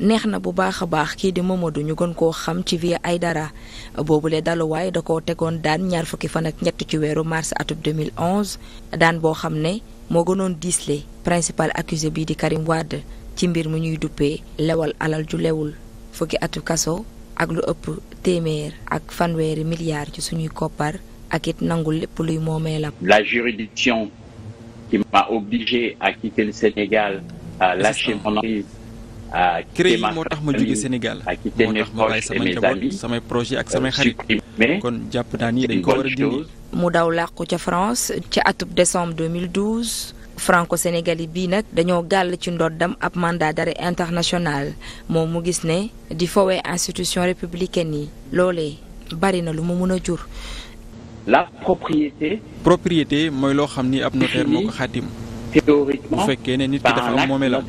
neex na bu baax a baax kii di Mamadou ñu gën koo xam ci ay dara boobu boobule daluwaay da koo tegoon daan ñaar fukki fan ak ñett ci weeru mars atum 2011 daan boo xam ne moo gënoon diisle principal accusé bii di Karim Wade ci mbir mu ñuy duppee lewal alal ju lewul fukki atu kaso ak lu ëpp téeméer ak fanweeri milliards ci suñuy koppar ak it nangul lépp luy moomeelam. la juridiction qui m'a obligé à quitter le Sénégal, à lâcher mon Euh, CREI moo tax ma jóge Sénégal euh, moo tax ma bàyyi sama njaboot samay projet ak euh, samay xarit kon jàpp naa ni dañ ko war a dindi mu daw làqu ca France ca atub décembre 2012 franco-sénégalais bii nag dañoo gàll ci ndoddam ab mandat d'arrêt international moom mu gis ne di fowee institution républicaine yi loolee bari na lu mu mën a jur la propriété mooy loo xam ni ab notaire moo ko xaatim bu fekkee ne nit ki dafa am moomeelam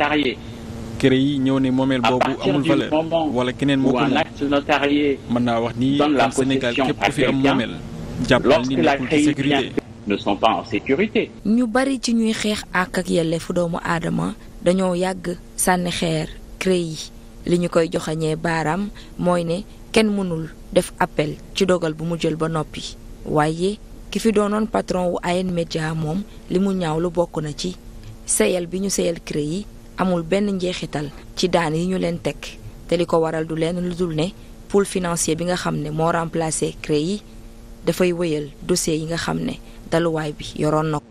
kër yi ñëw ne moomeel boobu amul valeur wala keneen moo mën naa wax ni am Sénégal képp ku fi am moomeel jàppal ni nekkul sécurité ñu bari ci ñuy xeex àq ak fu doomu aadama dañoo yàgg sànni xeer CREI yi li ñu koy joxañee baaraam mooy ne kenn mënul def appel ci dogal bu mu jël ba noppi waaye ki fi doonoon patron wu AN Média moom li mu ñaaw lu bokk na ci seyal bi ñu seyal CREI yi amul benn njeexital ci daan yi ñu leen teg te li ko waral du leen lu dul ne pool financier bi nga xam ne moo remplacé CREI yi dafay wëyal dossier yi nga xam ne daluwaay bi yoroon na ko